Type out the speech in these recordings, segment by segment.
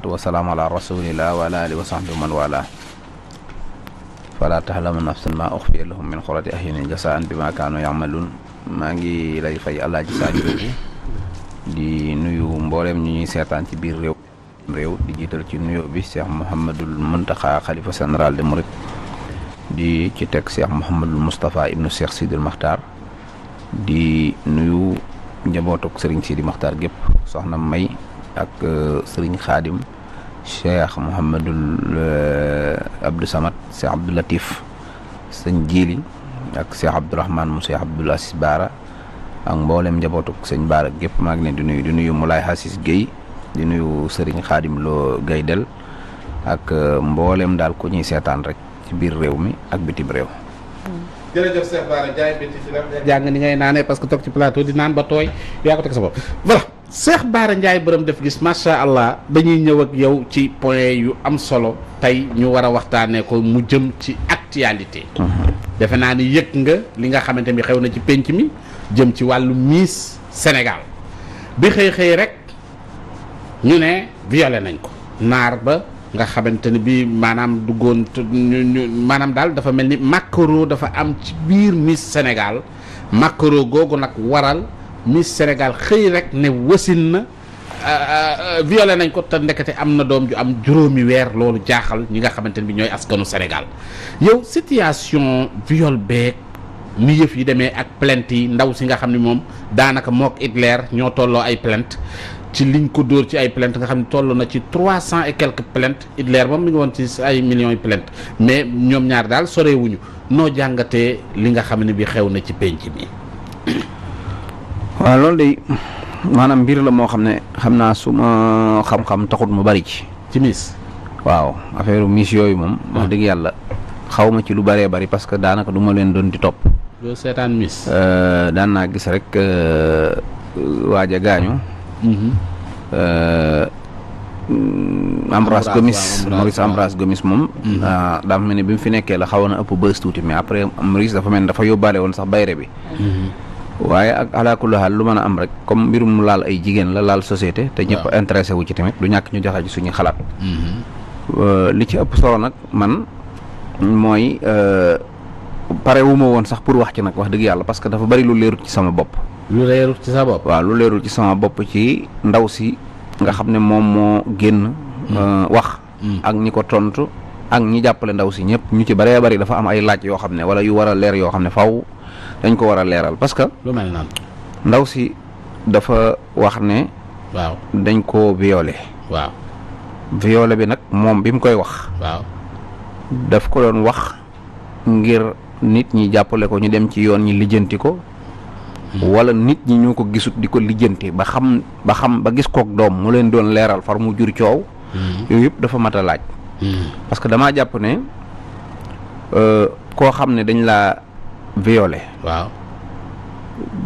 salaatu wasalaamu ala rasulillah wa ala alihi wa sahbi man wala fala taxlamu nafsun ma uxfiya lahum min xurati ahyunin jasaan bi ma kaanu yamaluun maa ngi lay fay àlaaji Sadio di nuyu mbooleem ñu ñuy seetaan ci biir réew réew di jiital ci nuyoo bi Cheikh Mouhamadul Muntaxa xalifa général de Mouride di ci teg Cheikh Mouhamadul Moustapha ibnu Cheikh Sidil Maxtaar di nuyu njabootuk Serigne Sidi Maxtaar gépp soxna May ak euh, sëriñ xaadim cheikh Mouhamadul euh, Abdou Samad cheikh Abdou Latif sëñ Jili ak cheikh Abdourahman mu cheikh Abdoul Asis Baara ak mboolem njabootu sëñ Baara gépp maa ngi leen di nuyu di nuyu Moulay Hassis Guèye di nuyu sëriñ xaadim loo Guèye del ak euh, mboolem daal ku ñuy seetaan rek ci biir réew mi ak bitim réew. jërëjëf Cheikh Bara Ndiaye jàng ni ngay naanee parce que toog ci plateau di naan ba tooy yaa ko teg sa bopp Cheikh Bara Ndiaye borom def gis macha allah dañuy ñëw ak yow ci point yu am solo tey ñu war a waxtaanee ko mu jëm ci actualité. Mhm. defe naa ni yëg nga li nga xamante ni xew na ci pénc mi jëm ci wàllu Miss Sénégal bi xëy xëy rek ñu ne violé nañ ko naar ba. nga xamante ni bii maanaam duggoon ñu maanaam daal dafa mel ni macro dafa am ci biir Miss Sénégal macro googu nag waral Miss Sénégal xëy rek ne wasin na euh, euh, viole nañ ko te ndekete am na doom ju am juróomi weer loolu jaaxal ñi nga xamante ne bi ñooy askanu Sénégal yow situation viol beeg ni yëf yi demee ak plainte yi ndaw si nga xam ne moom daanaka mook Hitler ñoo tolloo ay plainte ci liñ ko dóor ci ay plainte nga xam ne toll na ci trois cent et quelques plainte Hitler moom mi nga woon ci ay millions yi plainte mais ñoom ñaar daal sorewuñu noo jàngatee li nga xam ne bi xew na ci penc bi waa loolu de maanaam mbir la moo xam ne xam naa su ma xam-xam taxut mu bari ci. ci waaw affaire miis yooyu moom. Ah. wax dëgg yàlla xaw ma ci lu bëree bari parce que daanaka duma leen doon di topp. doo seetaan miis. Euh, daan naa gis rek euh, waaj a gaañu. Mhm. Euh, mm, Ambroise Gomis Maurice Ambroise Gomis moom mhm. dafa mel ni bi mu fi nekkee la xawoon na ëpp bës tuuti mais après Maurice dafa mel dafa yóbbaale woon sax bayre bi mhm. waaye ak alaakulahaal lu mën a am rek comme mbirum laal ay jigéen la laal société te ñëpp intéressé wu ci tamit du ñàkk ñu joxe ci suñuy xalaat mm-hmm. euh, li ci ëpp solo nag man mooy euh, pare wu ma woon sax pour wax ci nag wax dëgg yàlla parce que dafa bari lu leerul ci sama bopp lu leerul ci sa bopp waa lu leerul ci sama bopp ci ndaw si nga xam ne moom moo génn mm. euh, wax mm. ak ñi ko tontu ak ñi jàppale ndaw si ñëpp ñu ci baree bari dafa am ay laaj yoo xam ne wala yu war a leer yoo xam ne faw dañ ko war a leeral parce que. lu mel noonu. ndaw si dafa wax ne. waaw dañ koo violé. waaw violé bi nag moom bi mu koy wax. waaw daf ko doon wax ngir nit ñi jàppale ko ñu dem ci yoon ñi lijjanti ko. Hmm. wala nit ñi ñoo ko gisut di ko lijjanti ba xam ba xam ba gis kook doom mu leen doon leeral far mu jur coow. Hmm. yooyu yëpp dafa mat a laaj. Hmm. parce que jàpp ne euh, koo xam ne dañ laa violé waaw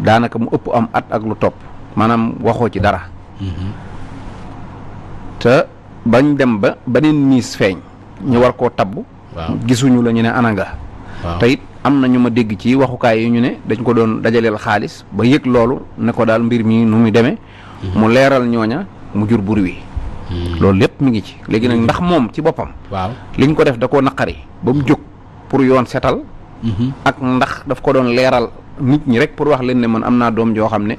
daanaka mu ëpp am at ak lu topp maanaam waxoo ci dara mm-hmm. te bañ dem ba beneen miis feeñ ñu war koo tabb gisuñu la ñu ne ananga te am na ñu ma dégg ci waxukaay yi ñu ne dañ ko doon dajaleel xaalis ba yëg loolu ne ko daal mbir mi nu muy demee mm-hmm. mu leeral ñooña mu jur bur wi mm-hmm. loolu lépp mu ngi ci léegi nag ndax moom ci boppam waaw liñ ko def da koo naqari ba mu jóg pour yoon setal Mm-hmm. ak ndax daf ko doon leeral nit ñi rek pour wax leen ne man am naa doom joo xam ne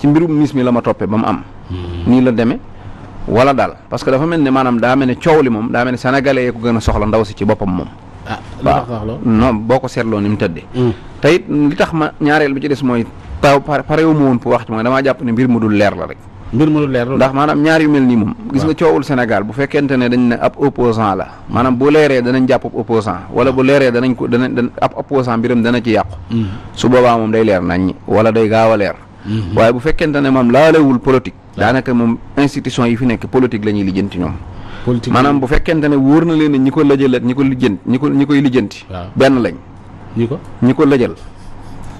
ci mbirum mis mi la ma toppee ba mu am. Mm-hmm. nii la demee wala daal parce que dafa mel ni maanaam daa mel ne coow li moom daa mel ne sénégalais yee ko gën a soxla ndaw si ci boppam moom. Ah, boo ko seetloo ni mu tëddee. Mm. te it li tax ma ñaareel bi ci des mooy taw pare pare woon pour wax ci mooy damaa jàpp ni mbir mu dul leer la rek. mbir mu leer ndax maanaam ñaar yu mel nii moom. gis nga coowul Sénégal bu fekkente ne dañ ne ab opposant la maanaam bu leeree danañ jàpp ab opposant wala bu leeree danañ ko danañ ab opposant mbiram dana ci yàqu. Mm. su boobaa moom day leer nañ wala day gaaw leer. Mm-hmm. waaye bu fekkente ne moom laalewul politique. daanaka moom institution yi fi nekk politique la ñuy lijjanti ñoom. maanaam bu fekkente ne wóor na leen ne ñi ko lëjal ak ñi ko lijjanti ñi ko ñi koy lijjanti. benn lañ. ñi ko ñi ko lëjal.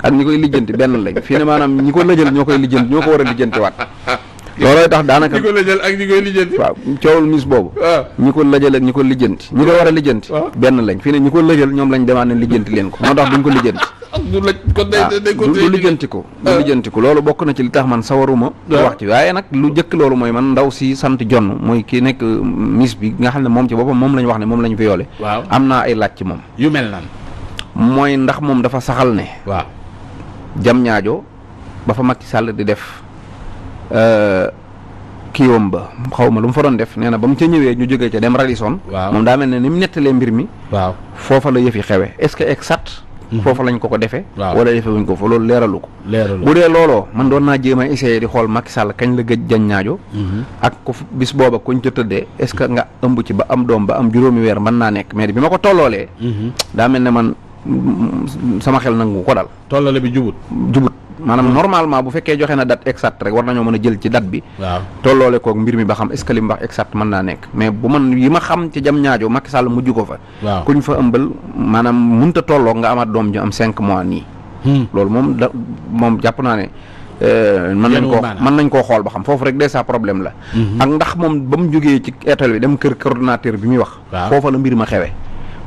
ak ñi koy lijjanti benn lañ fii ne ñi ko lëjal ñoo koy lijjanti ñoo ko war a lijjantiwaat loolooy tax daanaka ñi ko lajal ak ñi coowul mis boobu ñu ko lajal ak ñi ko lijjanti ñi ko war a lijjanti benn lañ fii ne ñi ko lajal ñoom lañ demaat ne lijjanti leen ko moo tax duñ ko lijjanti du kon day ko du loolu bokk na ci li tax man sawaruma wax ci waaye nag lu jëkk loolu mooy man ndaw si sant jonn mooy ki nekk euh, mis bi nga xam ne moom ci boppam moom lañ wax ne moom lañ fi yoole waaw am naa ay laaj ci moom yu mel nan mooy ndax moom dafa saxal ne waaw jam ñaajo ba fa Macky Sall di def Euh, kiiwam ba xaw ma lu mu fa doon def nee na ba mu ca ñëwee ñu jógee ca dem Radisson. waaw moom daa mel ne ni mu nettalee mbir mi. waaw foofa la yëf yi xewe est que exact mhm. foofa lañ ko ko defee. wala defee wuñ ko fa loolu leeralu ko. leeralu bu dee looloo man doon naa jéem a essayer di xool Macky Sall kañ la gëj jañ ñaajo. Mhm. ak ko bis booba kuñ ca tëddee est ce que nga ëmb ci ba am doom ba am juróomi weer mën naa nekk mais bi ma ko tolloolee. Mhm. daa mel ne man mm, mm, sama xel nangu ko dal. tollale bi jubut maanaam normalement bu fekkee joxe na date exacte rek war nañoo mën a jël ci date bi. waaw tolloole koog mbir mi ba xam est-ce que li mu wax exacte mën naa nekk mais bu man yi ma xam ci jam ko fa. waaw kuñ fa ëmbal maanaam mënut tolloo nga amaat doom ju am cinq mois nii. Hmm. loolu moom da moom jàpp naa ne. Euh, mën nañ koo mën nañ koo xool ba xam foofu rek dèjà problème la. Hmm. ak ndax moom ba mu jógee ci étal bi dem kër coordonnateur bi muy wax. foofa la mbir ma xewe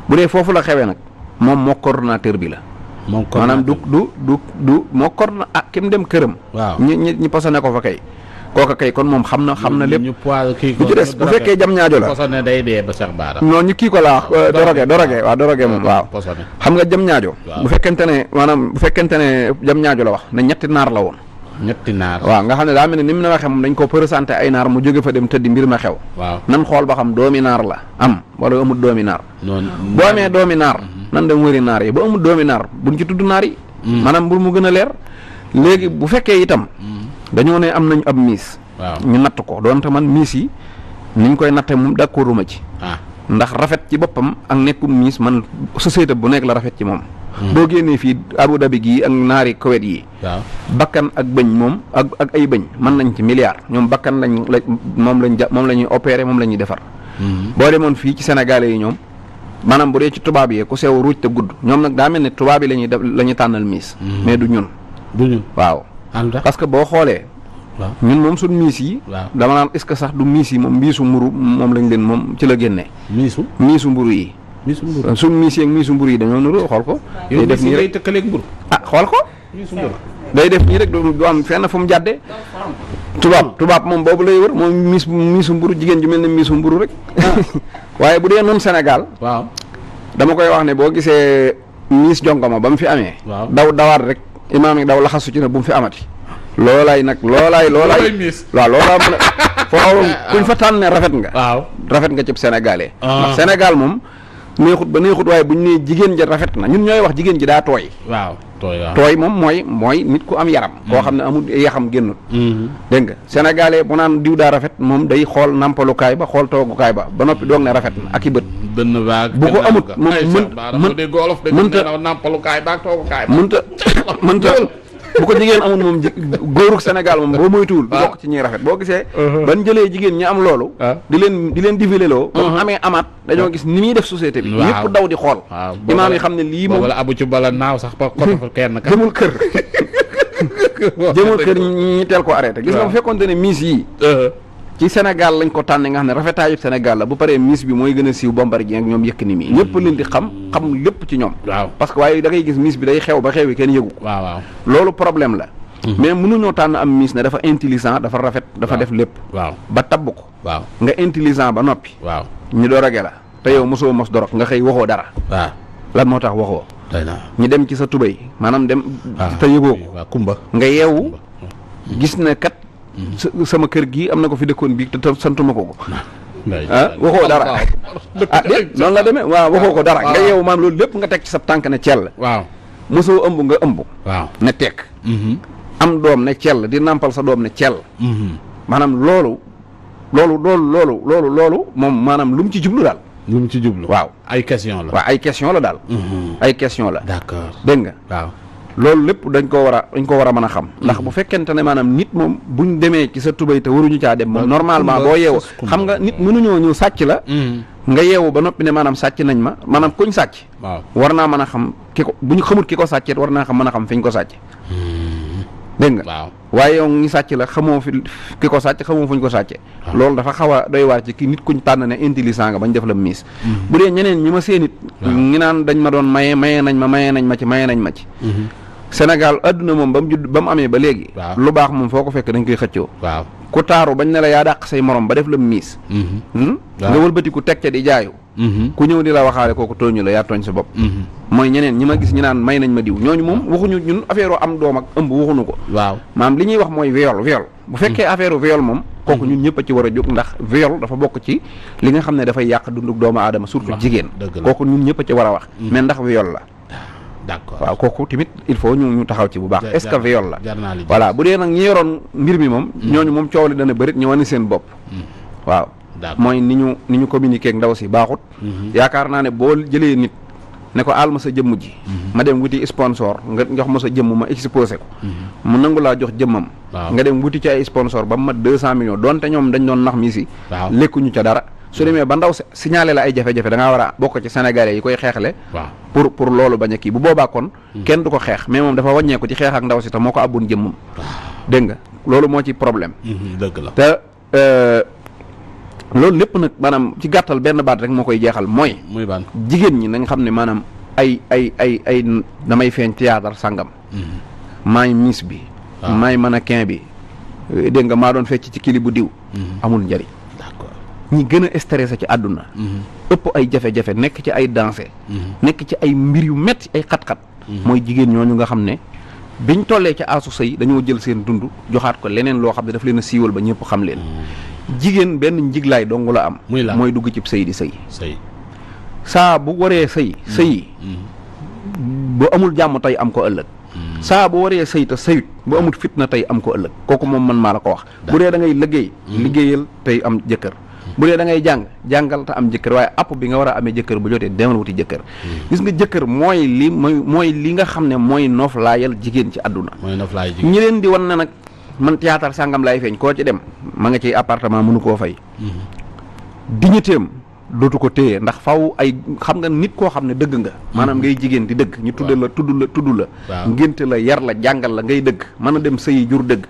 bu dee foofu la xewee nag moom moo coordonnateur bi la moom maanaam du du du du moo kor na ah kim dem këram. waaw ñi ñi ñi posone ko fa kay. kooka kay kon moom xam na xam na lépp ñu bu ci des bu fekkee jam ñaajo la posone day dee ba sax baara ñu kii ko laa doroge doroge waaw euh, doroge moom waaw xam nga jam ñaajo bu fekkente ne maanaam bu fekkente ne jam ñaajo la wax na ñetti naar la woon ñetti naar waaw nga xam ne daa mel ne ni mu na waxee moom dañ ko présenté ay naar mu jóge fa dem tëddi mbir ma xew waaw nan xool ba xam doomi naar la am wala amul doomi naar boo amee doomi naar nan dem wëri naar yi ba amul doomi naar buñ ci tudd naar yi mm. maanaam mbur mu gën a leer léegi bu fekkee itam mm. dañoo ne am nañu ab miis ñu natt ko doonte man miis yi niñ koy natte moom d'accorduma ci ah. ndax rafet ci boppam ak nekkum miis man société bu nekk la rafet ci moom mm. boo génnee fii Abu Dhabi gii ak naari Kowet yi bakkan ak bëñ moom ak ak ay bëñ mën nañ ci milliard ñoom bakkan lañ la moom lañ moom la ñuy opéré moom la ñuy defar boo demoon fii ci Sénégalais yi ñoom maanaam bu dee ci tubaab yi ku sew ruuj te gudd ñoom nag daa mel ne tubaab yi la ñuy def la ñuy tànnal miis. Mm-hmm. mais du ñun. du ñun waaw. parce que boo xoolee. ñun moom suñ miis yi. dama naan est-ce que sax du miis yi moom miisu mburu moom lañ leen moom ci la génnee. miisu miisu mburu yi. miisu mburu suñ miis yeeg miisu mburu yi dañoo nuru xool ko. Ah day def nii rek tëkkaleeg mburu xool ko. miisu day def nii rek du am fenn fu mu jàddee. tubaab tubaab moom boobu lay wër moom miis miisu mburu jigéen ju mel na miisu mburu rek. waaye bu dee nun senegal waaw dama koy wax ne boo gisee miis jonkoma ba mu fi amee. waaw daw dawaat rek imaam yi daw laxasu ci ne bu mu fi amati. loolaay nag loolaay loolaay waaw loolaa mën a foo kuñ fa tànn ne rafet nga. waaw rafet nga cib sénégalais. Ah. ndax Sénégal moom. neexut ba neexut waaye bu ñu nee jigéen ja rafet na ñun ñooy wax jigéen ji daa tooy. waaw tooy waaw moom mooy mooy nit ku am yaram. koo mm-hmm. xam ne amul yaxam génnut. Mm-hmm. dégg nga sénégalais bu naan diw daa rafet moom day xool nampalukaay ba xool toogukaay ba ba noppi doog ne rafet na ak i bët. dënn baag bu ko amut moom mën mën mënta mënta mënta. bu ko jigéen amul moom góorug Sénégal moom boo moytuwul du bokk ci ñuy rafet boo gisee uh-huh. ban jëlee jigéen ñi am loolu di leen di leen divileloo bam uh-huh. amee amaat dañoo gis ni muy def société bi ñëpp daw di xool imaam yi xam ne lii moom abu ci bala naaw sax ba ko kenn jëmul kër jëmul kër ñi teel ko arrêté gis nga bu fekkoonte ne miis yi uh-huh. ci Sénégal lañ ko tànne nga xam ne rafetaayu Sénégal la bu paree miss bi mooy gën a siiw Bombardier ak ñoom Yékini mi mm-hmm. ñëpp leen di xam xam lépp ci ñoom waaw parce que waaye da ngay gis miss bi day xew ba xew yi kenn yëgu waaw waaw loolu problème la mm-hmm. mais mënuñoo tànn am miss ne dafa intelligent dafa rafet dafa def lépp waaw ba tabb ko waaw nga intelligent ba noppi waaw ñu doroge la te yow mosoo mos dorog nga xëy waxoo dara waaw lan moo tax waxoo ñu dem ci sa tubéy maanaam dem te yëgoo ko kumba nga yeewu gis na kat sama kër gii am na ko fi dëkkoon bii te santuma ko ko ah waxoo dara ah eh, la demee waaw waxoo ko dara nga yeewu maam loolu lépp nga teg ci sa tànk ne cell waaw mosoo ëmb nga ëmb waaw tek tekk mm-hmm. am doom ne cell di nàmpal sa doom na cell mm-hmm. maanaam loolu loolu loolu loolu loolu loolu moom maanaam lu mu ci jublu daal lu ci jublu waaw ay question la waaw ay question la daal mm-hmm. ay question la d'accord dégg nga loolu lépp dañ koo war dañ koo war a mën a xam hmm. ndax bu fekkente ne maanaam nit moom buñ demee ci sa tubay te waruñu caa dem moom normalement boo yeewu xam nga nit mënuñoo ñu sàcc la hmm. nga yeewu ba noppi ne maanaam sàcc nañ ma maanaam kuñ sàcc waaw war naa mën xam ki ko bu ñu xamut ki ko sàccet war naa xam mën a xam fi ko sàcc hmm. dégg nga waaw waaye yow ñi sàcc la xamoo fi ki ko sàcc xamoo fuñ ko sàcce ah. loolu dafa xaw a doy waar ci ki nit kuñ tànn ne intelligent nga bañ def la miis bu dee ñeneen ñi ma seen it ñi naan dañ ma doon mayee maye nañ ma maye nañ ma ci mayee nañ ma ci Sénégal àdduna moom ba mu judd ba mu amee ba léegi. lu baax moom foo ko fekk dañ koy xëccoo. waaw ku taaru bañ ne la yaa dàq say morom ba def la miis. Mhm. Hmm? nga wëlbati ku teg ca di jaayu. Mhm. ku ñëw di la waxaale kooku tooñu la yaa tooñ sa bopp. Mhm. mooy ñeneen ñi ma gis ñu naan may nañ ma diw ñooñu moom waxuñu ñun affaire am doom ak ëmb waxuñu ko. waaw maam li ñuy wax mooy viol viol. bu fekkee affaire viol moom. kooku ñun ñëpp a ci war a jóg ndax viol dafa bokk ci li nga xam ne dafay yàq dundug doomu aadama surtout jigéen. kooku ñun ñëpp a ci war a wax. mais ndax viol la ah. d'accord waaw kooku tamit il faut ñu ñu taxaw ci bu baax est-ce que viol la voilà bu dee nag ñi yoroon mbir mi moom mm. ñooñu moom coow li dana bëri ñu wane seen bopp mm. waaw mooy ni ñu ni ñu communiqué ndaw si baaxut mm-hmm. yaakaar naa ne boo jëlee nit ne ko aal ma sa jëmm ji mm-hmm. ma dem wuti sponsor nga njox ma sa jëmm ma exposé ko mm-hmm. mu nangu laa jox jëmmam nga dem wuti ci ay sponsor ba mu mat deux cent millions donte ñoom dañ doon nax mi si lekkuñu ca dara su demee ba ndaw signalé la ay jafe-jafe da war a bokk ci sénégalais yi koy xeexle waaw pour pour loolu bañ a kii bu boobaa kon hmm. kenn du ko xeex mais moom dafa wàññeeku ci xeex ak ndaw si te moo ko abun jëmmam dégg nga loolu moo ci problème hmm, dëgg la te euh, loolu lépp nag maanaam ci gàttal benn baat rek moo koy jeexal mooy muy baan jigéen ñi na nga xam ne maanaam ay ay ay ay damay feeñ théâtre sàngam hmm. maay miss bi ah. maay mannequin bi euh, dégg nga maa doon fecc ci kili bu diw amul njëriñ ñi gën a stressé ci àdduna mm-hmm. ëpp ay jafe-jafe nekk ci ay dansé mm-hmm. nekk ci ay mbir yu metti ay xat-xat mm-hmm. mooy jigéen ñoo ñu nga xam ne biñ tollee ca aasu sëy dañoo jël seen dund joxaat ko leneen loo xam ne daf leen a siiwal ba ñëpp xam leen jigéen benn njiglaay dong la am mooy dugg cib sëy di sëy saa bu waree sëy sëyi bu amul jàmm tey am ko ëllëg saa bu waree sëy te sëyut bu amul fitna tey am ko ëllëg kooku moom man maa la ko wax bu dee da ngay liggéey liggéeyal tey am jëkkër bu dee da ngay jàng jàngal am jëkkër waaye app bi nga war a amee jëkkër bu jotee demal wuti jëkkër hmm. gis nga jëkkër mooy li mooy mooy li nga xam ne mooy noflaayal jigéen ci àdduna ñi leen di wan na nag man théâtre sàngam laay feeñ koo ci dem ma nga ci appartement mënu koo fay hmm. dignitéem dootu ko téye ndax faw ay xam nga nit koo xam ne dëgg nga hmm. maanaam ngay jigéen di dëgg ñu tudda la tudd la tudd la ngénte la yar la jàngal la ngay dëgg mën a dem sëyi jur dëgg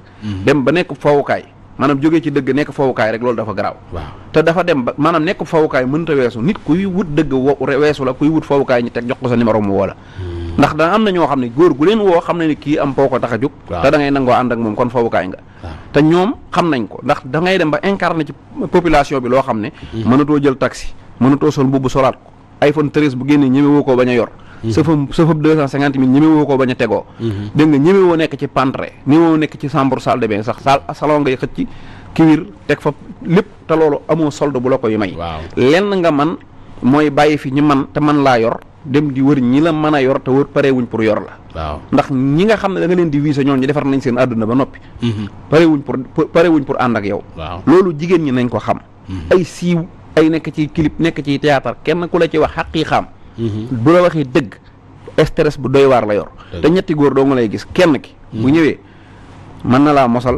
dem ba nekk fawukaay maanaam jógee ci dëgg nekk fowukaay rek loolu dafa garaaw waaw te dafa dem ba maanaam nekk fowukaay mënta weesu nit kuy wut dëgg wo weesu la kuy wut fowukaay ñi teg jox ko sa numéro mu woo la hmm. ndax am na ñoo xam ne góor gu leen woo xam na ne kii am foo ko tax a jóg te da ngay nangoo ànd ak moom kon fowukaay nga te ñoom xam nañ ko ndax da dem ba na ci population bi loo xam ne hmm. mënatoo jël taxi mënatoo sol mbubb solaat ko iPhone 13 bu génnee ñeme woo ko bañ a yor Mm-hmm. sëfam sëfam deux cent cinquante mille ñeme woo ko bañ a tegoo mm-hmm. dégg nga ñeme woo nekk ci pantre ñeme woo nekk ci chambre salle de bain sax saal salon ngay xëcc kiwir teg fa lépp te loolu amoo solde bu la ko koy may lenn nga man mooy bàyyi fi ñi man te man laa yor dem di wër ñi la man a yor te wër parewuñ pour yor la waaw ndax ñi nga xam ne da nga leen di wiise ñoom ñu defar nañ seen àdduna ba noppi mm-hmm. parewuñ pour parewuñ pour ànd ak yow loolu jigéen ñi nañ ko xam ay siiw ay nekk ci clip nekk ci théâtre kenn ku la ci wax xaqi xam Mm-hmm. bu la waxee dëgg stress bu doy waar la yor te ñetti góor doo nga lay gis kenn ki bu mm-hmm. ñëwee mën na laa mosal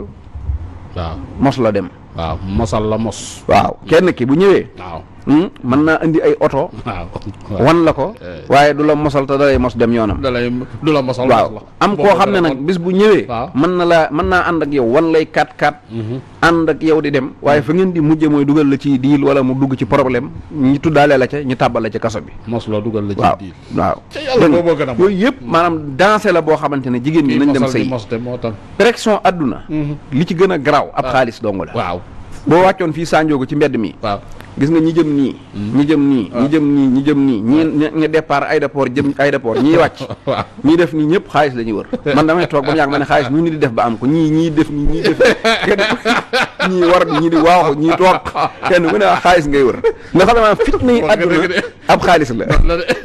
waaw mos la dem waaw mosal la mos waaw kenn ki bu ñëwee waaw Hmm? mën naa indi ay oto. waaw wan la ko. Eh. waaye du la mosal te dalay mos dem yoonam. dalay du la mosal. waaw am koo xam ne nag bis bu ñëwee. mën na laa mën naa ànd ak yow wan lay kat kat. Mhm. ànd ak yow di dem waaye fa ngeen di mujje mooy dugal la ci diil wala mu dugg ci problème ñi tuddaale la ca ñu tàbbal la ci kaso bi. mos loo dugal la ci diil waaw waaw. yooyu yëpp maanaam danse la boo xamante ne jigéen ñi nañ dem sëy pression adduna mhm. li ci gën a garaaw ab ah. xaalis dong la. waaw boo wàccoon fii ko ci mbedd mi. waaw gis nga ñi jëm nii. Hmm. ñi ah. jëm nii ñi jëm nii ñi jëm nii ñi ah. ñi départ aéroport jëm aéroport ñii wàcc. ñii def nii ñëpp xaalis la ñuy wër man damay toog ba mu yàgg ma ne xaalis ñu ni di def ba am ko ñii ñii def nii ñii def ñii war ñii di waaxu ñii toog kenn ku ne xaalis ngay wër nga xam ne maanaam fitna yi àdduna ab xaalis la.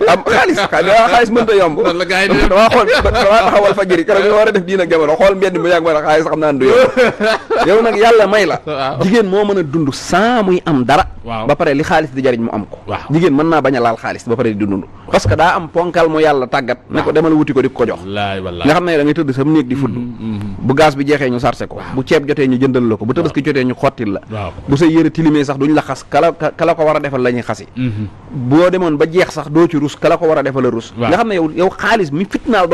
ab xaalis xaalis mënut a yomb. loolu la gars yi di def damaa xool damaa taxawal fajiri keroog nga war a def diina jamono xool mbedd ba yàgg ma ne xaalis xam naa du yow yow nag yàlla may la jigéen moo mën a dund sans muy am dara ba pare li xaalis di jariñ mu am ko jigéen mën naa bañ a xaalis ba pare di dund parce que daa am ponkal mu yàlla tàggat ne ko demal wuti ko di ko jox nga xam ne da tëdd sam néeg di fudd mm-hmm, mm-hmm. bu gaz bi jeexee ñu sarse ko bu ceeb jotee ñu jëndal la ko bu tabaski jotee ñu xottil la bu say yëre tilimee sax duñ la xas kala kala ko war a defal la xasi mm-hmm. boo demoon ba jeex sax doo ci rus kala ko war a defal la rus nga xam ne yow xaalis mi fitnaal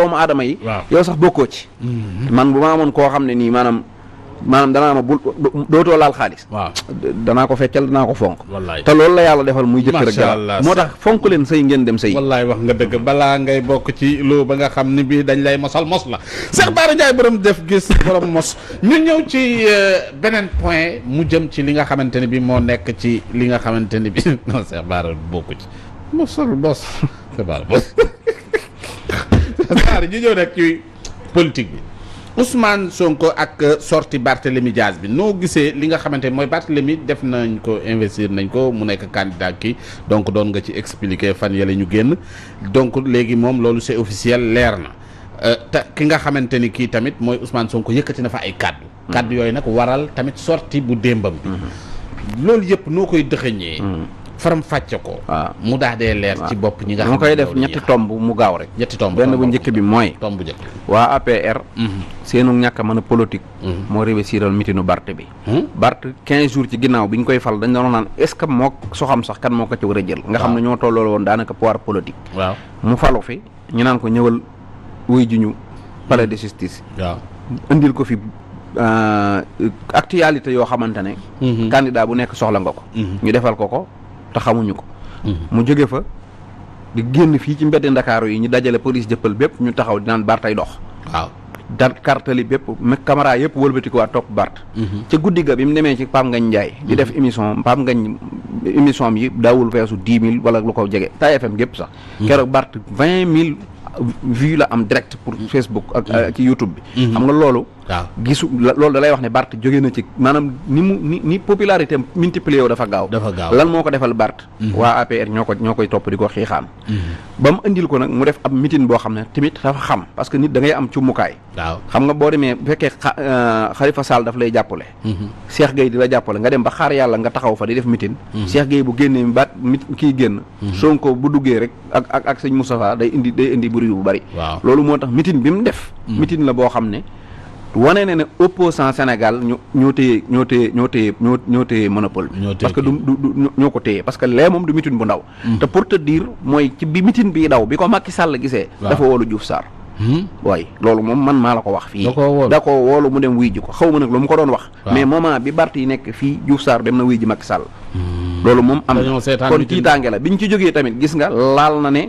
maanaam danaa ma bul dootoo laal xaalis. waaw danaa ko feccal danaa ko fonk. te loolu la yàlla defal muy. jëkkër ak jabar moo tax fonk leen sëy ngeen dem sëy. wallaay wax nga dëgg balaa ngay bokk ci loo ba nga xam ni bii dañ lay mosal mos la. Cheikh Bara Ndiaye borom def gis borom mos ñu ñëw ci euh, beneen point mu jëm ci li nga xamante ni bii moo nekk ci li nga xamante ni bii non Cheikh Bara bokku ci mosul bos Cheikh Bara bos. Cheikh Bara ñu ñëw nag ci politique bi. Ousmane Sonko ak euh, sorti Barthélemy Diaz bi noo gisee li nga xamante mooy Barthélemy def nañ ko investir nañ ko mu nekk candidat ki donc doon nga ci expliquer fan yële ñu génn donc léegi moom loolu c'est officiel leer na euh, te ki nga xamante ni kii tamit mooy Ousmane Sonko yëkkati na fa ay kàddu mm-hmm. kàddu yooyu nag waral tamit sorti bu démbam bi mm-hmm. loolu yëpp noo koy dëxëñee mm-hmm. faram fàcce ko. mu daa dee leer ci bopp ñi nga xam ne koy def ñetti tomb mu gaaw rek. ñetti tomb benn bu njëkk bi mooy. tomb njëkk waa APR. Mhm. seenu ñàkk a mën a politique. Mhm. moo réussiral mitinu Bart bi. Hmm? Bart 15 jours ci ginnaaw bi ñu koy fal dañ doon naan est ce que moo soxam sax kan moo ko a xam ne ñoo tolloo woon daanaka pouvoir politique. mu falu fi ñu naan ko ñëwal wuy ji ñu palais de justice. indil ko fi. Euh, actualité yoo xamante ne. Mhm. candidat bu nekk soxla nga ko. ñu defal ko ko te ko. Mm-hmm. mu jóge fa di génn fii ci mbeddi ndakaaru yi ñu dajale police jëppal bépp ñu taxaw di naan Bart ay dox. waaw da kartali bépp mais caméra yëpp wëlbati ko waa topp Bart. Mm-hmm. ca guddi ga bi mu demee ci Pape nga Ndiaye. di def mm-hmm. émission Pape Ngagne émission yi daawul feesu dix mille wala lu ko jege Tay FM gépp sax. keroog Bart vingt mille vues la am direct pour Facebook ak euh, ci YouTube bi. xam nga loolu. waaw gisu loolu da lay wax ne Barth jóge na ci maanaam ni mu ni ni popularité am wu dafa gaaw. dafa gaaw lan moo ko defal Barth. Mhm. waa APR ñoo ko ñoo koy topp di ko xiixaan. Mhm. ba mu indil ko nag mu def ab mitin boo xam ne tamit xam parce que nit da ngay am cumukaay. waaw xam nga boo demee bu fekkee euh, Khalifa Sall daf lay jàppale. Mhm. Cheikh Gueye di la jàppale nga dem ba xaar yàlla nga taxaw fa di def mitin. Cheikh Gueye bu génnee baat mit kii génn. Sonko bu duggee rek ak ak ak sëñ Moustapha day indi day indi bruit bu bari. waaw loolu moo tax mitin bi mu def. mitin la boo xam ne. wane ne ne opposant Sénégal ñu ñoo téye ñoo téye ñoo téye ñoo ñoo téye monopole bi parce que du ñoo ko téye parce que lee moom du mitin bu ndaw hmm. te pour te dire mooy ci bi mitin bi daw bi ko Macky Sall gisee dafa woolu Diouf Sarr hmm? waaye loolu moom man maa la ko wax fii da ko woolu mu dem wuy ji ko xaw ma nag lu mu ko doon wax mais moment bi Barth yi nekk fii Diouf saar dem na wuy ji Macky Sall hmm. loolu moom am kon tiitaange la bi ñu ci jógee tamit gis nga laal na ne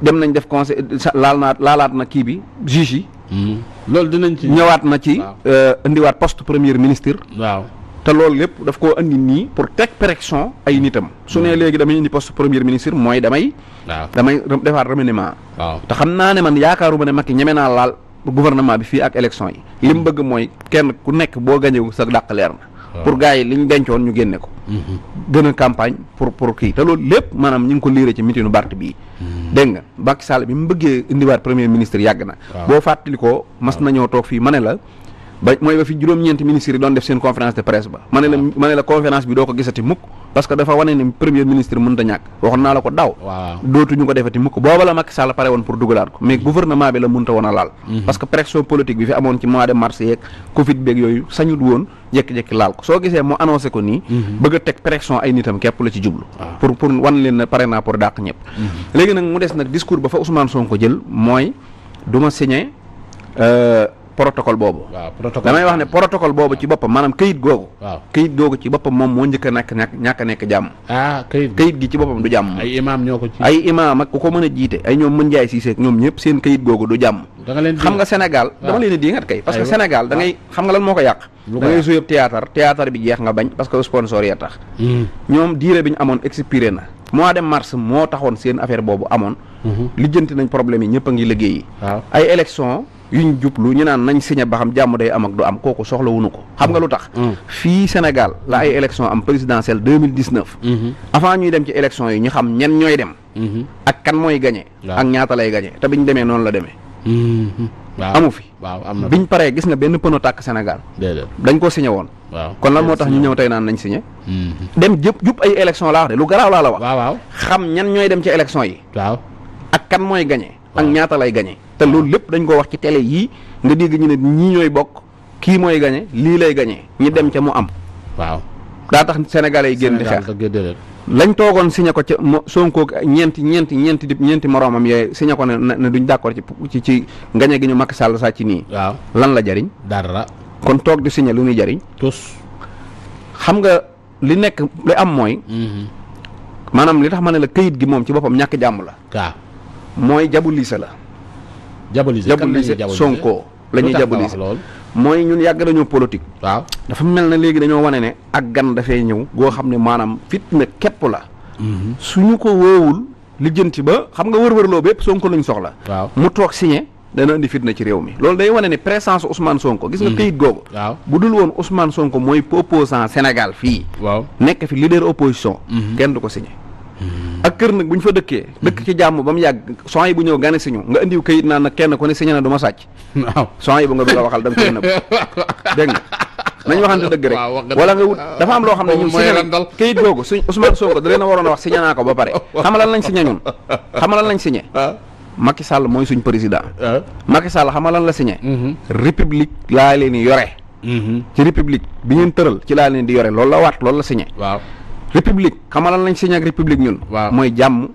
dem nañ def conseil laal naa laalaat na kii bi juge yi loolu dinañ ci ñëwaat na ci. Euh, indiwaat poste premier ministre. waaw te loolu lépp daf koo indi nii pour teg pression ay nitam. su nee hmm. léegi damay indi poste premier ministre mooy damay. waaw damay defaat remaniement. te xam naa ne man yaakaaruma ne Macky ñeme naa laal gouvernement bi fii ak élection yi. li mu hmm. bëgg mooy kenn ku nekk boo gañewu sa dàq leer na. pour gars yi li ñu dencoon ñu génne ko mhm. gën a campagne pour pour kii te loolu lépp maanaam ñu ngi ko liire ci mitinu Barth bii mhm. dégg nga Macky Sall bi mu bëggee indiwaat premier ministre yàgg na boo fàttalikoo mas nañoo toog fii ma ne la ba mooy ba fi juróom-ñeenti ministres yi doon def seen conférence de presse ba ma ne la ma ne la conférence bi doo ko gisati mukk parce que dafa wane ne premier ministre mënut a ñàkk waxoon naa la ko daaw dootuñu ko defati mukk booba la Macky Sall pare woon pour dugalaat ko mais gouvernement bi la mënut a woon a laal mhm. parce que pression politique bi fi amoon ci mois de mars yeeg Covid beeg yooyu sañut woon jékki-jékki laal ko soo gisee moo annoncé ko nii mhm. a teg pression ay protocole boobu. waaw protocole damay wax ne protocole boobu ci boppam maanaam kayit googu. waaw googu ci boppam moom moo njëkk a nekk ñàkk a nekk jàmm. ah kayit kayit gi ci boppam du jàmm. ay imaam ko ci ay imaam ak ku ko mën a jiite ay ñoom mën jaay siisee ñoom ñëpp seen kayit googu du jàmm. xam nga Sénégal ah. dama leen di ngat kay parce que Sénégal da ngay ah. xam nga lan moo ko yàq. da ngay suyëb théâtre théâtre bi jeex nga bañ parce que sponsor ya tax. Hmm. ñoom diire bi ñu amoon expiré na. mois de mars moo taxoon seen affaire boobu amoon. Hmm. lijjanti nañ problème yi ñëpp liggéey ah. yu yuñ jublu ñu naan nañ siñe ba xam jàmm day am ak du am kooku soxla wuñu ko xam nga lu tax. Mm. fii Sénégal la ay élection am présidentielle deux mille dix neuf. Mm-hmm. avant ñuy dem ci élection yi ñu xam ñen ñooy dem. Mm-hmm. ak kan mooy gagné. ak ñaata lay gagné te biñ demee noonu la demee. Mm-hmm. waaw amu fi. waaw am na biñ paree gis nga benn pëno tàkk Sénégal. dañ ko signé woon. kon lan moo tax ñu ñëw tey naan nañ signé. dem jëpp jub ay élection laa wax de lu garaaw laa la wax. waaw xam ñan ñooy dem ci élection yi. waaw ak kan mooy gañe ak ñaata lay gagné. te loolu lépp dañ ko wax ci télé yii nga dégg ñu ne ñii ñooy bokk kii mooy gañe lii lay gañe ñi dem ca mu am. waaw daa tax sénégalais yi génn di xeex lañ toogoon siñe ko ca mo Sonko ñeenti ñeenti ñeenti ñeenti moroomam yooyu signé ko ne ne duñ d'accord ci ci ngañe gi ñu Macky Sall sàcc nii. waaw lan la jariñ. dara kon toog di siñe lu muy jariñ. tus xam nga li nekk li am mooy. Mm-hmm. maanaam li tax ma ne la kayit gi moom ci boppam ñàkk jàmm la. mooy jabu liisa la. diaboliser diaboliser Sonko la ñuy diaboliser mooy ñun yàgg nañoo politique. waaw dafa mel ne léegi dañoo wane ne ak gan dafay ñëw. goo xam ne maanaam fitna képp la. su mhm. suñu ko woowul lijjanti ba xam nga wër-wërloo bépp Sonko lañ soxla. waaw mu toog signé. dana indi fitna ci réew mi loolu day wane ne présence Ousmane Sonko. gis nga mhm. këyit googu. bu dul woon Ousmane Sonko mooy opposant Sénégal fii. waaw nekk fi leader opposition. Mhm. kenn du ko signé. ak kër nag bu fa dëkkee dëkk ci jàmm ba mu yàgg soxna yi bu ñëw gane si ñu nga indiw kayit naan nag kenn ku ne signé na du ma sàcc waaw soxna yi bu nga bëgg a waxal da nga koy nëbb dégg nga nañ waxante dëgg rek wala nga wut dafa am loo xam ne ñun signé kayit googu suñ Ousmane Sonko da waroon a wax signé naa ko ba pare xamalan lañ signé ñun xamalan lañ signé ah. Macky Sall mooy suñ président ah. Macky Sall xamalan la signé mm-hmm. république laa leen di yore mm-hmm. ci république bi ngeen tëral ci laa leen di yore lool la waat loolu la signé waaw république xamalan lañ signé ak république ñun. waaw mooy jàmm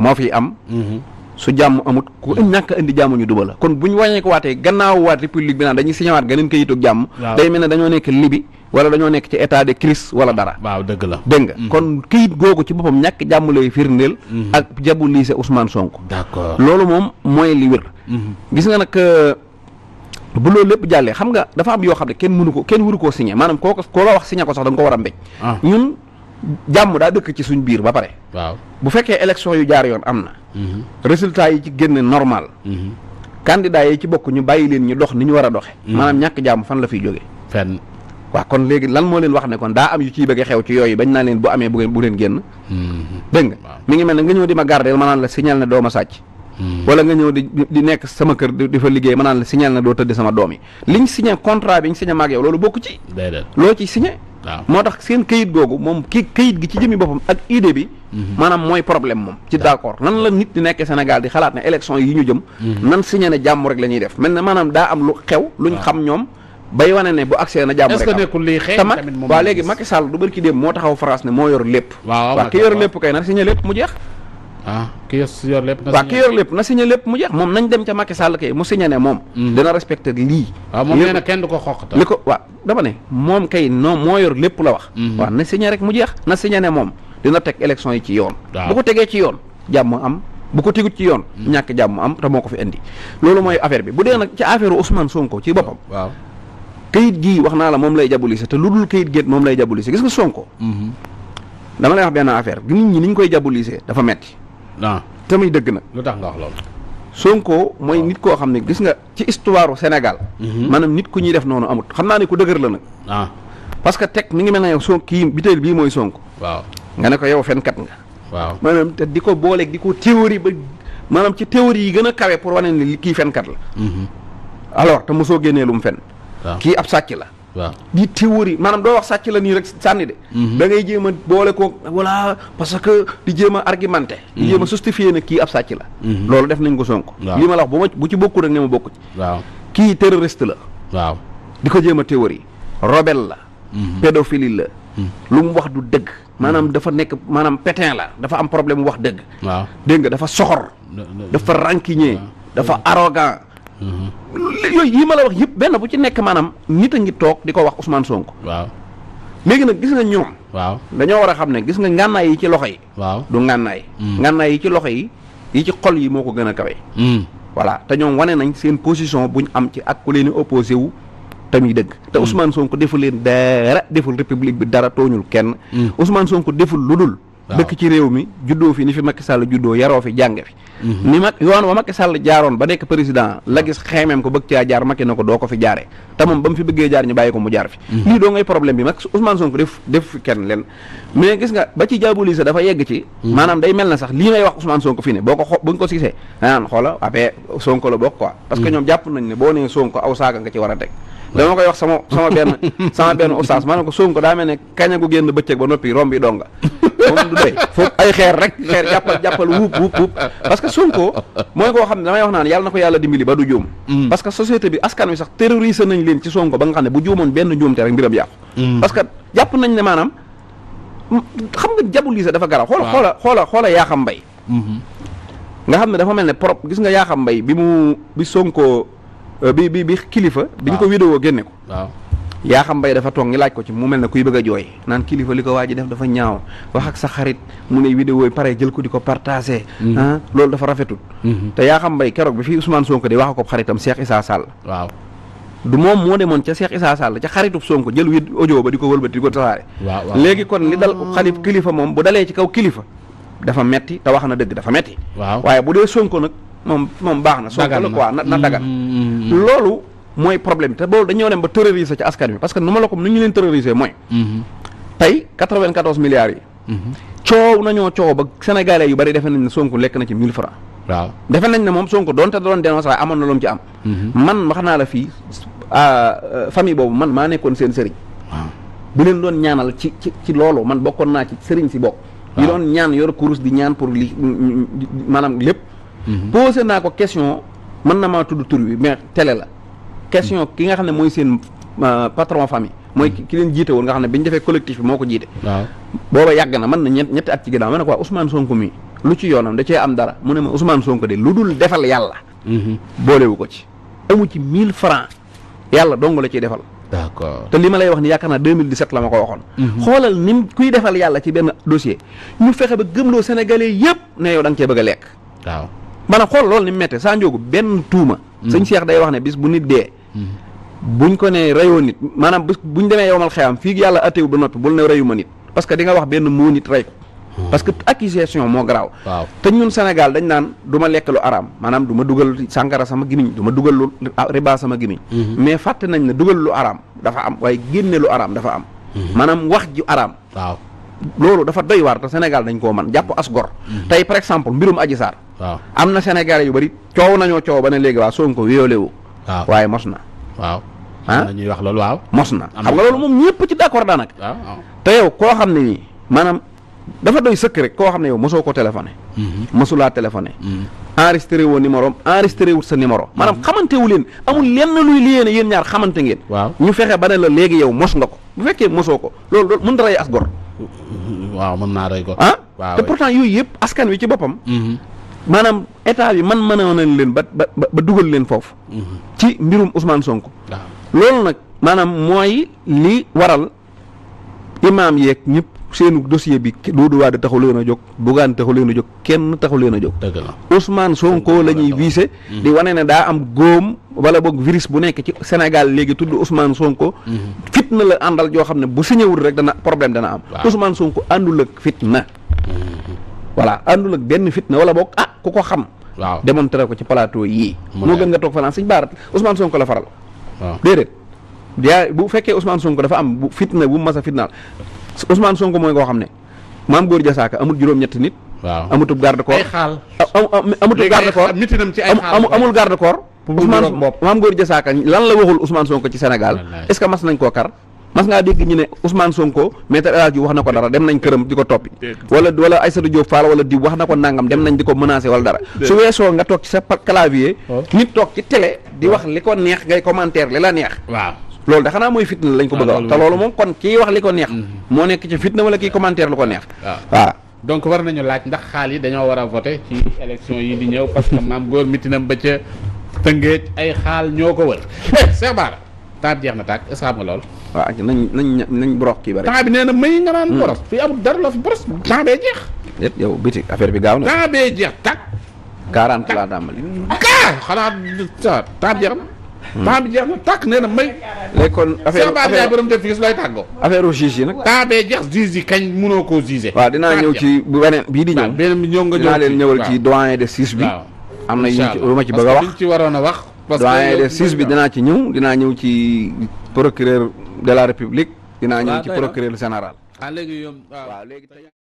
moo fi am. Mm-hmm. su jàmm amut ku mm-hmm. ñàkk indi jàmm ñu duba la kon bu ñu wàññee ko waatee gannaaw waat république bi naan dañuy signé waat ganeen kayitu jàmm. day mel na dañoo nekk libi wala dañoo nekk ci état de crise wala dara. waaw dëgg la dégg nga. Mm-hmm. kon kayit googu ci boppam ñàkk jàmm lay firndeel. ak jabu liise Ousmane Sonko. d'accord loolu moom mooy li wér. gis nga nag euh, bu loolu lépp jàllee xam nga dafa am yoo xam ne kenn mënu ko kenn waru koo signé maanaam ko koo la wax signé sax da ko war a mbéj. Ah. jàmm daa dëkk ci suñ biir ba pare. waaw bu fekkee élection yu jaar yoon am na. Mhm. résultat yi ci génn normal. Mhm. candidat yi ci bokk ñu bàyyi leen ñu dox ni ñu war a doxe mhm. maanaam ñàkk jàmm fan la fiy jógee. fenn waaw kon léegi lan moo leen wax ne kon daa am yu ciy bëgg xew ci yooyu bañ naa leen bu amee bu bu leen génn. dégg nga mi ngi mel ne nga ñëw di ma garder ma naan la signal ne doo sàcc. wala nga ñëw di di nekk sama kër di fa liggéey manaan naan la signal na doo tëdd sama doom yi liñ signé contrat bi ñu signé maag yow loolu bokku ci loo ci signé moo tax seen kayit googu moom ki kayit gi ci jëmi boppam ak idée bi mhm. maanaam mooy problème moom ci d'accord nan la nit di nekkee Sénégal di xalaat ne élection yi ñu jëm mhm. nan signé ne jàmm rek la ñuy def mel na maanaam daa am lu xew luñ xam ñoom bay wane ne bu accès na jàmm rek am tamit waaw léegi Macky saal du bërki dem moo taxaw France ne moo yor lépp waaw ki yor lépp kay lépp mu jeex ah ki yor lépp na. waaw yor lépp na signé lépp mu jeex moom nañ dem ca Macky Sall kay mu signé ne moom. Mm. dana respecté lii. waaw ah, moom nee kenn du ko xoq. li ko waaw dama ne moom kay noo moo yor lépp la wax. Mm-hmm. waaw na signé rek mu jeex na signé ne moom dina teg élection yi ci yoon. bu ko tegee ci yoon jàmm am. bu ko tegut ci yoon. Mm-hmm. ñàkk jàmm am te moo ko fi indi. loolu mooy affaire bi bu dee nag ci affaire Ousmane Sonko ci boppam. waaw kayit gii wax naa la moom lay jabulise te lu dul kayit géet moom lay jabulise gis nga Sonko. Mm-hmm. dama lay wax benn affaire nit ñi ni ñu koy jabulise dafa metti ah tamit dëgg nag lu tax nga wax loolu. Sonko mooy nit koo xam ne gis nga ci istuwaaru Sénégal. Mhm. maanaam nit ku ñuy def noonu amut xam naa ne ku dëgër la nag. ah parce que teg mi ngi mel na yow Sonko kii biteel bii mooy sonk waaw nga ne ko yow fenkat nga. waaw maanaam te di ko booleeg di ko théorie ba maanaam ci théorie yi gën a kawe pour wane ne kii fenkat la. Mhm. alors te soo génnee lu mu fen kii ab sàcc la. waaw di théorie maanaam doo wax sàcc la nii rek sànni de. Mhm. da ngay jéem a boole ko voilà parce que di jéem a argumenté. di mhm. jéem a justifié ne kii ab sàcc la. Mhm. loolu def nañ ko Sonko. li ma la wax bu ma bu ci bokkul rek ne ma bokku waaw kii terroriste la. waaw di ko jéem a théorie. rebelle la. pédophile la. lu mu wax du dëgg. maanaam dafa nekk maanaam petin la dafa am problème wax dëgg. waaw dégg nga dafa soxor. dafa rancunier dafa arrogant. yooyu yii ma la wax yëpp benn bu ci nekk maanaam nit a ngi toog di ko wax Ousmane sonk waaw léegi nag gis nga ñoom. waaw dañoo war a xam ne gis nga ngànnaay yi ci loxo yi. waaw du ngànnaay. Mm. ngànnaay yi ci loxo yi yi ci xol yi moo ko gën a kawe. Mm. voilà te ñoom wane nañ seen position buñ am ci ak ku leen opposé wu. tamit dëgg te mm. Ousmane Sonko deful leen dara deful république bi dara tooñul kenn. Ousmane sonk deful lu dul dëkk ci réew mi juddoo fi ni fi Macky Sall juddoo yaroo fi jànge fi mhm. ni mag yoon wa Macky Sall jaaroon ba nekk président la gis xeemeem ko bëgg caa jaar Macky na ko doo ko fi jaaree te moom ba mu fi bëggee jaar ñu bàyyi ko mu jaar fi mhm. lii doo ngay problème bi mag Ousmane Sonko def def fi kenn leen mais gis nga ba ci jaabuli sa dafa yegg ci mhm. maanaam day mel na sax lii ngay wax Ousmane Sonko fi ne boo ko xo bu ñu ko gisee danaan xoola après Sonko la bokk quoi parce ñoom jàpp nañ ne boo nee Sonko aw saaga nga ci war a teg dama koy wax sama sama benn sama benn oustaz ma ne ko soom ko daa mel ne kaña gu génn bëccëg ba noppi romb yi donga moom du doy foofu ay xeer rek xeer jàppal jàppal wuup wuup parce que Sonko mooy koo xam ne damay wax naan yàlla na ko yàlla dimbali ba du juum mm. parce que société bi askan wi sax terrorisé nañ leen ci Sonko ba nga xam ne bu juumoon benn njuumte rek mbiram yàqu mm. parce que jàpp nañ ne maanaam xam nga diaboliser dafa garaaw xoola xoola xoola xoola yaa xam mm-hmm. nga xam ne dafa mel ne prop gis nga yaa xam mbay bi mu bi Sonko Euh, bi bi bi kilifa. bi ñu ko vidéo génne ko. waaw yaa xam mbay dafa toog ngi laaj ko ci mu mel ne kuy bëgg a jooy naan kilifa li ko waa ji def dafa ñaaw wax ak sa xarit mu ne vidéo pare jël ko di ko partagé. Mhm. ah loolu dafa rafetul. Mhm. te yaa xam mbay keroog bi fii Ousmane Sonko di wax ko xaritam Cheikh Issa Sall. waaw du moom moo demoon ca seex Issa la ca xaritub Sonko jël wii audio ba di ko wëlbati di ko tasaare. waaw léegi kon li dal xalif kilifa moom bu dalee ci kaw kilifa. dafa metti te wax na dëgg dafa metti waaw moom moom baax na Sonko la a na dagan mm, mm, mm, loolu mooy problème te boobu dañoo dem ba terroriser ci askan wi parce que nu ma la ko nu ñu leen terroriser mooy mm-hmm. tey quatre-vingt-quatorze milliards yi mm-hmm. coow nañoo coow ba sénégalais yu bari defe nañ ne Sonko lekk na ci mille francs waaw nañ ne moom Sonko doonte da doon dénoncé amoon na lu mu ci am mm-hmm. man wax naa la fii ah, euh, famille boobu man maa nekkoon seen sëriñ bi leen doon ñaanal ci ci ci loolu man bokkoon naa ci seriñ si bokk yi doon ñaan yor kurus di ñaan pour li maanaam lépp Mhm. posé naa ko question mën na maa tudd tur bi mais télé la question mhm. ki nga xam ne mooy seen euh, patron famille mooy mhm. ki leen jiite woon nga xam ne bi ñu defee collectif bi moo ko jiite waaw booba yàgg na mën na ñett ñetti at ci ginnaaw ma ne ko waa Ousmane Sonko mi lu ci yoonam da cee am dara mu ne ma Ousmane Sonko de lu dul defal boole wu ko ci amu ci mille francs yàlla dong la ciy defal d'accord te li ma lay wax ni yaakaar naa 2017 la ma ko waxoon xoolal ni kuy defal yàlla ci benn dossier ñu fexe ba gëmloo sénégalais yëpp ne yow da nga cee bëgg a lekk waaw maanaam xool loolu ni mu méttee saa njóogu benn tuuma. Mm. sëñ Cheikh day wax ne bis bu nit dee. Mm. buñ ko ne rayoo nit maanaam bis buñ demee yowmal am fii yàlla atew ba noppi bul ne rayu ma nit parce que di nga wax benn moo nit ray ko mm. parce que accusation moo garaaw. waaw te ñun Sénégal dañ naan duma ma lekk lu araam maanaam du ma dugal sàngara sama gimiñ du ma dugal lu riba sama gimiñ. Mm-hmm. mais fàtte nañ ne dugal lu araam dafa am waaye génne lu araam dafa am. Mm-hmm. maanaam wax ju araam. waaw loolu dafa doy waar te Sénégal dañ koo man jàpp as gor. Mm-hmm. tey par exemple mbirum Adji Sarr waaw am na Sénégalais yu bëri coow nañoo coow ba ne léegi waa Sonko violé wu. waaw waaye mos na. waaw ah ñuy wax loolu waaw. mos na xam nga loolu moom ñëpp ci d'accord daanaka. waaw te yow koo xam ne nii maanaam dafa doy sëkk rek koo xam ne yow mosoo ko téléphoné. Mhm. mosulaa téléphoné. Mhm. enregistré woo numéro enregistré wut sa numéro. Mhm. maanaam xamante wu leen amul lenn luy liyee ne yéen ñaar xamante ngeen. waaw ñu fexe ba ne la léegi yow mos nga ko bu fekkee mosoo ko loolu loolu mënut a rey as gor. waaw mën naa ko. ah te pourtant yooyu yëpp askan wi ci boppam. maanaam état bi man mënoon nañ leen ba ba ba dugal leen foofu. Mhm. ci mbirum usmaan Sonko. loolu nag maanaam mooy li waral imaam yeeg ñëpp seenu dossier bi Doudou Wade taxu leen a jóg Bougane taxu leen a jóg kenn taxu leen a jóg. Ousmane Sonko la ñuy viser. Mhm. di wane ne daa am góom wala boog virus bu nekk ci Sénégal léegi tudd Ousmane Sonko. Mhm. fitna la àndal joo xam ne bu si ñëwul rek dana problème dana am. usmaan Sonko àndul ak fitna. voilà àndul ak benn fitna wala boog ah ku ko xam. waaw démontré ko ci plateau yii. moo gën nga toog fanaan sëñ Baara Ousmane Sonko la faral. waaw déedéet. bu fekkee Ousmane Sonko dafa am bu fitna bu mas a fitnaal Ousmane Sonko mooy koo xam ne maam góor jasaaka amul juróom-ñetti nit. waaw amutub garde corps ay xaal. amutub garde corps mitinam ci ay xaal amul garde corps. Ousmane maam góor jasaaka lan la waxul Ousmane Sonko ci Sénégal est-ce que mas nañ koo kar mas ngaa dégg ñu ne Ousmane Sonko maître El Hadji wax na ko dara dem nañ këram di ko toppi wala wala Aïssatou Diop Fall wala di wax na ko nangam dem nañ di ko menacé wala dara su weesoo nga toog ci sa clavier oh. nit toog ci télé di oh. wax li ko neex ngay commentaire li la neex waaw loolu da xanaa mooy fitna lañ ko bëgg a wax ah, te loolu moom kon kii wax li ko neex mm-hmm. moo nekk ci fitna wala kii commentaire lu ko neex ah. waaw donc war nañu laaj ndax xaal yi dañoo war a voté ci élection yi di ñëw parce que maam góor mitinam ba ca tëngeej ay xaal ñoo temps jeex na tak est-ce que xam nga lool. waaw ak nañ kii ba rek. nee na may nga naan hmm. boros. fii amul dara jeex. yëpp yow biti affaire bi gaaw na. temps jeex tàkk. 40 laa tàmbali. kaa xanaa sa temps bi jeex na. Hmm. temps jeex na tàkk nee na may. léegi kon affaire affaire borom def gis lay tàggoo. affaire juge yi nag. jeex juge kañ mënoo koo juger. waaw dinaa ñëw ci bu beneen bii di ñëw. beneen bi ñëw nga ñëw ci dinaa leen ñëwal ci doyen de six bi. am na yu ma ci bëgg a wax ci waroon a wax. parce que doyen des bi dinaa ci ñëw dinaa ñëw ci procureur de la république dinaa ñëw ci procureur général. ah léegi yow waaw léegi.